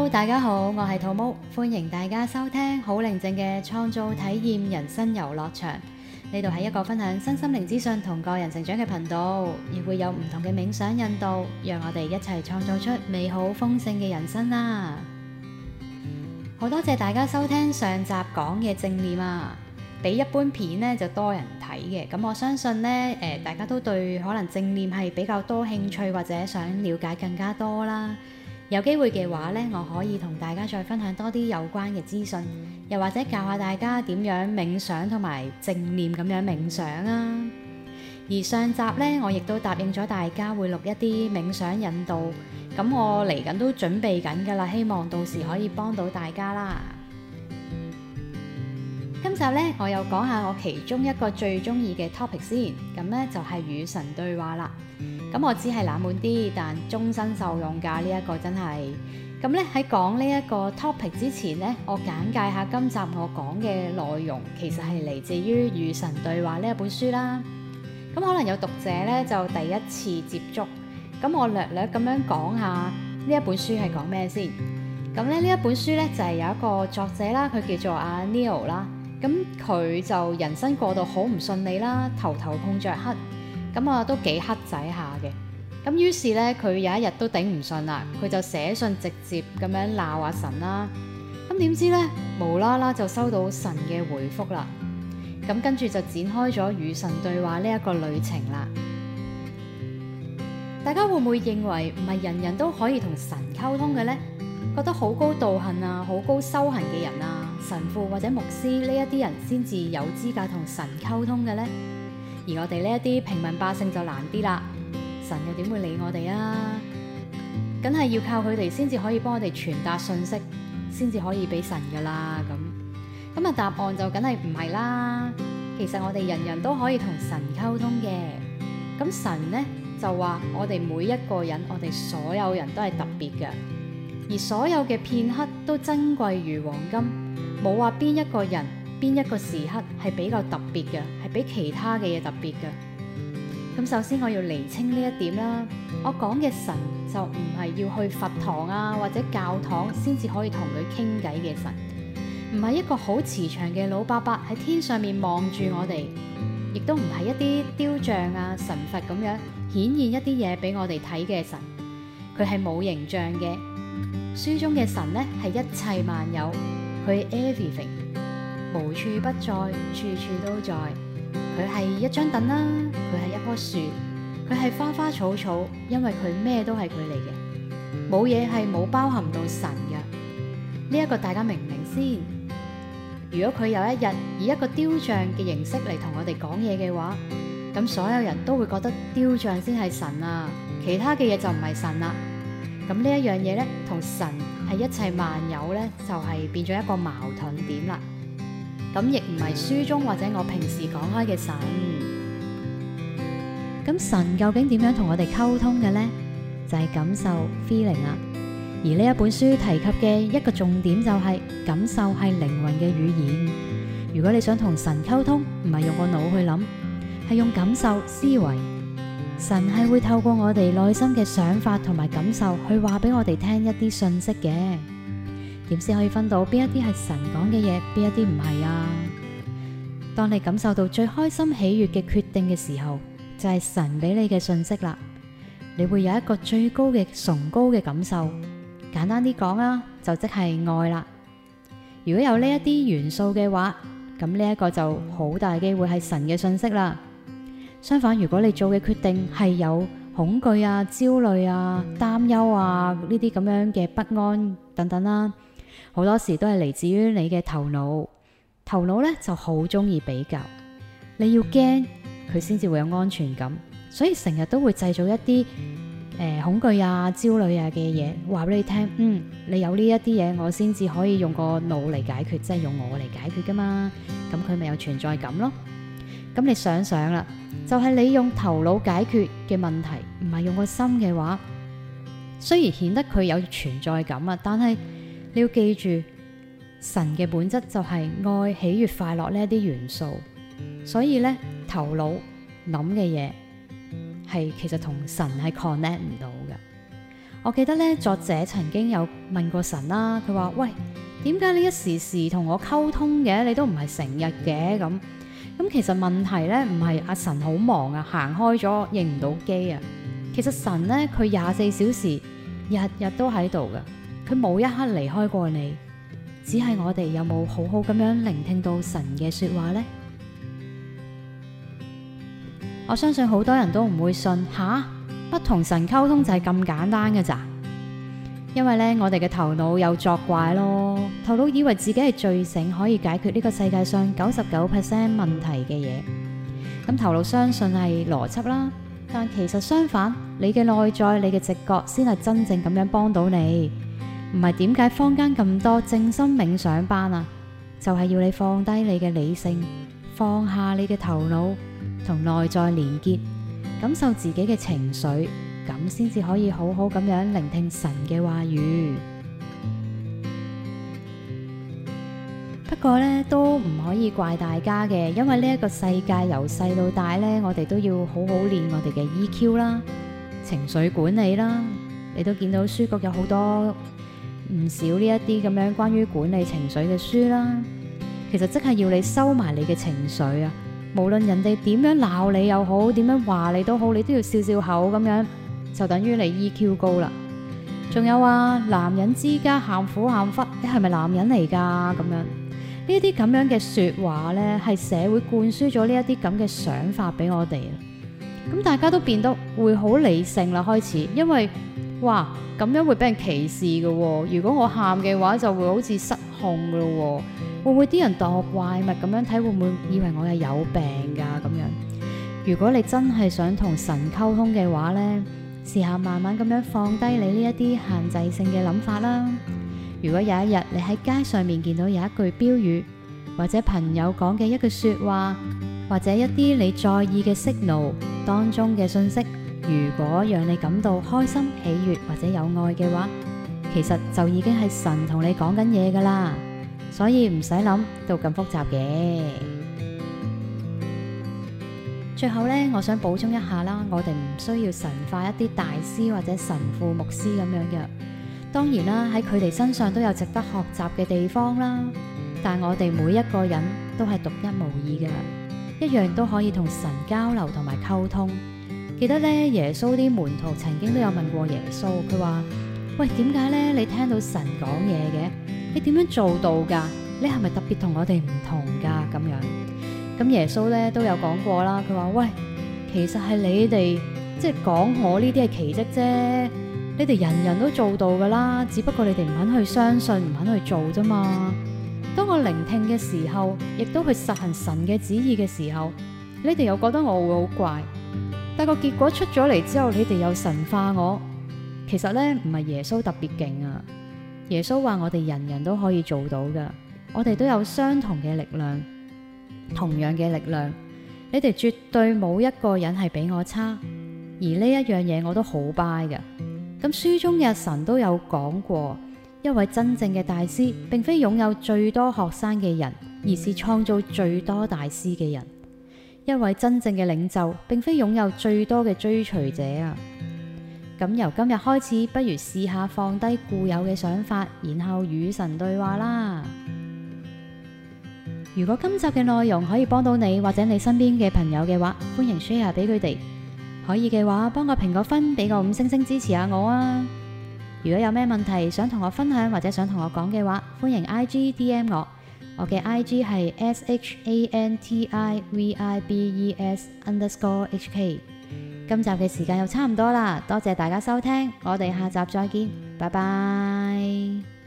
Hello, 大家好，我係兔毛，歡迎大家收聽好寧靜嘅創造體驗人生遊樂場。呢度係一個分享身心靈資訊同個人成長嘅頻道，亦會有唔同嘅冥想引導，讓我哋一齊創造出美好豐盛嘅人生啦。好，嗯、多謝大家收聽上集講嘅正念啊，比一般片呢就多人睇，嘅，咁我相信呢，誒，呃，大家都對可能正念係比較多興趣或者想了解更加多啦。有機會嘅話咧，我可以同大家再分享多啲有關嘅資訊，又或者教下大家點樣冥想同埋正念咁樣冥想啊。而上集咧，我亦都答應咗大家會錄一啲冥想引導，咁我嚟緊都準備緊㗎啦，希望到時可以幫到大家啦。今集咧，我又講下我其中一個最鍾意嘅 topic 先，咁咧就係與神對話啦。咁我只係冷門啲，但終身受用㗎呢一個真係。咁咧喺講呢一個 topic 之前呢，我簡介下今集我講嘅內容，其實係嚟自於《與神對話》呢一本書啦。咁可能有讀者呢就第一次接觸，咁我略略咁樣講下呢一本書係講咩先。咁咧呢一本書呢，就係有一個作者啦，佢叫做阿 Neil 啦。咁佢就人生過到好唔順利啦，頭頭碰着黑。咁啊，都幾黑仔下嘅。咁於是咧，佢有一日都頂唔順啦，佢就寫信直接咁樣鬧啊神啦。咁點知咧，無啦啦就收到神嘅回覆啦。咁跟住就展開咗與神對話呢一個旅程啦。大家會唔會認為唔係人人都可以同神溝通嘅呢？覺得好高道行啊，好高修行嘅人啊，神父或者牧師呢一啲人先至有資格同神溝通嘅呢？而我哋呢一啲平民百姓就難啲啦，神又點會理我哋啊？梗係要靠佢哋先至可以幫我哋傳達信息，先至可以俾神噶啦咁。咁啊，答案就梗係唔係啦。其實我哋人人都可以同神溝通嘅。咁神咧就話我哋每一個人，我哋所有人都係特別嘅，而所有嘅片刻都珍貴如黃金，冇話邊一個人，邊一個時刻係比較特別嘅，係比其他嘅嘢特別嘅。咁首先我要釐清呢一點啦。我講嘅神就唔係要去佛堂啊或者教堂先至可以同佢傾偈嘅神，唔係一個好慈祥嘅老伯伯喺天上面望住我哋，亦都唔係一啲雕像啊神佛咁樣顯現一啲嘢俾我哋睇嘅神。佢係冇形象嘅。書中嘅神咧係一切萬有，佢係 everything。無處不在，處處都在。佢係一張凳啦，佢係一棵樹，佢係花花草草，因為佢咩都係佢嚟嘅。冇嘢係冇包含到神嘅呢一個，大家明唔明先？如果佢有一日以一個雕像嘅形式嚟同我哋講嘢嘅話，咁所有人都會覺得雕像先係神啊，其他嘅嘢就唔係神啦。咁呢一樣嘢咧，同神係一切萬有咧，就係、是、變咗一個矛盾點啦。咁亦唔係書中或者我平時講開嘅神，咁神究竟點樣同我哋溝通嘅呢？就係、是、感受 feeling 啦！而呢一本書提及嘅一個重點就係感受係靈魂嘅語言。如果你想同神溝通，唔係用個腦去諗，係用感受思維。神係會透過我哋內心嘅想法同埋感受去話俾我哋聽一啲信息嘅。點先可以分到邊一啲係神講嘅嘢，邊一啲唔係啊？當你感受到最開心喜悅嘅決定嘅時候，就係神俾你嘅信息啦。你會有一個最高嘅、崇高嘅感受。簡單啲講啦，就即係愛啦。如果有呢一啲元素嘅話，咁呢一個就好大機會係神嘅信息啦。相反，如果你做嘅決定係有恐懼啊、焦慮啊、擔憂啊呢啲咁樣嘅不安等等啦。好多時都係嚟自於你嘅頭腦，頭腦咧就好中意比較。你要驚佢先至會有安全感，所以成日都會製造一啲誒、呃、恐懼啊、焦慮啊嘅嘢，話俾你聽。嗯，你有呢一啲嘢，我先至可以用個腦嚟解決，即係用我嚟解決噶嘛。咁佢咪有存在感咯？咁你想想啦，就係、是、你用頭腦解決嘅問題，唔係用個心嘅話，雖然顯得佢有存在感啊，但係。你要記住，神嘅本質就係愛、喜悅、快樂呢一啲元素。所以咧，頭腦諗嘅嘢係其實同神係 connect 唔到嘅。我記得咧，作者曾經有問過神啦、啊，佢話：喂，點解你一時時同我溝通嘅？你都唔係成日嘅咁。咁其實問題咧，唔係阿神好忙啊，行開咗認唔到機啊。其實神咧，佢廿四小時日日都喺度嘅。佢冇一刻離開過你，只係我哋有冇好好咁樣聆聽到神嘅說話呢？我相信好多人都唔會信吓，不同神溝通就係咁簡單㗎咋？因為呢，我哋嘅頭腦有作怪咯，頭腦以為自己係最醒，可以解決呢個世界上九十九 percent 問題嘅嘢。咁頭腦相信係邏輯啦，但其實相反，你嘅內在、你嘅直覺先係真正咁樣幫到你。唔係，點解坊間咁多靜心冥想班啊？就係要你放低你嘅理性，放下你嘅頭腦，同內在連結，感受自己嘅情緒，咁先至可以好好咁樣聆聽神嘅話語。 不過咧，都唔可以怪大家嘅，因為呢一個世界由細到大咧，我哋都要好好練我哋嘅 EQ 啦，情緒管理啦。你都見到書局有好多。唔少呢一啲咁樣關於管理情緒嘅書啦，其實即係要你收埋你嘅情緒啊！無論人哋點樣鬧你又好，點樣話你都好，你都要笑笑口咁樣，就等於你 EQ 高啦。仲有啊，男人之家喊苦喊忽，你係咪男人嚟噶？咁樣呢一啲咁樣嘅說話呢，係社會灌輸咗呢一啲咁嘅想法俾我哋。咁、嗯、大家都變得會好理性啦，開始因為。哇，咁樣會俾人歧視嘅喎、哦！如果我喊嘅話，就會好似失控嘅咯喎，會唔會啲人當我怪物咁樣睇？會唔會以為我係有病㗎咁、啊、樣？如果你真係想同神溝通嘅話呢，試下慢慢咁樣放低你呢一啲限制性嘅諗法啦。如果有一日你喺街上面見到有一句標語，或者朋友講嘅一句説話，或者一啲你在意嘅訊號當中嘅信息。如果讓你感到開心、喜悅或者有愛嘅話，其實就已經係神同你講緊嘢噶啦，所以唔使諗到咁複雜嘅。最後咧，我想補充一下啦，我哋唔需要神化一啲大師或者神父、牧師咁樣嘅。當然啦，喺佢哋身上都有值得學習嘅地方啦，但我哋每一個人都係獨一無二嘅，一樣都可以同神交流同埋溝通。記得咧，耶穌啲門徒曾經都有問過耶穌，佢話：喂，點解咧？你聽到神講嘢嘅，你點樣做到噶？你係咪特別同我哋唔同噶？咁樣咁耶穌咧都有講過啦。佢話：喂，其實係你哋即係講我呢啲係奇蹟啫。你哋人人都做到噶啦，只不過你哋唔肯去相信，唔肯去做啫嘛。當我聆聽嘅時候，亦都去實行神嘅旨意嘅時候，你哋又覺得我會好怪。但係個結果出咗嚟，之後，你哋又神化我。其實咧唔係耶穌特別勁啊，耶穌話我哋人人都可以做到噶，我哋都有相同嘅力量，同樣嘅力量。你哋絕對冇一個人係比我差。而呢一樣嘢我都好 buy 噶。咁書中嘅神都有講過，一位真正嘅大師，並非擁有最多學生嘅人，而是創造最多大師嘅人。一位真正嘅領袖，並非擁有最多嘅追隨者啊！咁由今日開始，不如試下放低固有嘅想法，然後與神對話啦！如果今集嘅內容可以幫到你或者你身邊嘅朋友嘅話，歡迎 share 俾佢哋。可以嘅話，幫我評個分，俾個五星星支持下我啊！如果有咩問題想同我分享或者想同我講嘅話，歡迎 I G D M 我。我嘅 I G 係 S H A N T I V I B E S underscore H K。今集嘅時間又差唔多啦，多謝大家收聽，我哋下集再見，拜拜。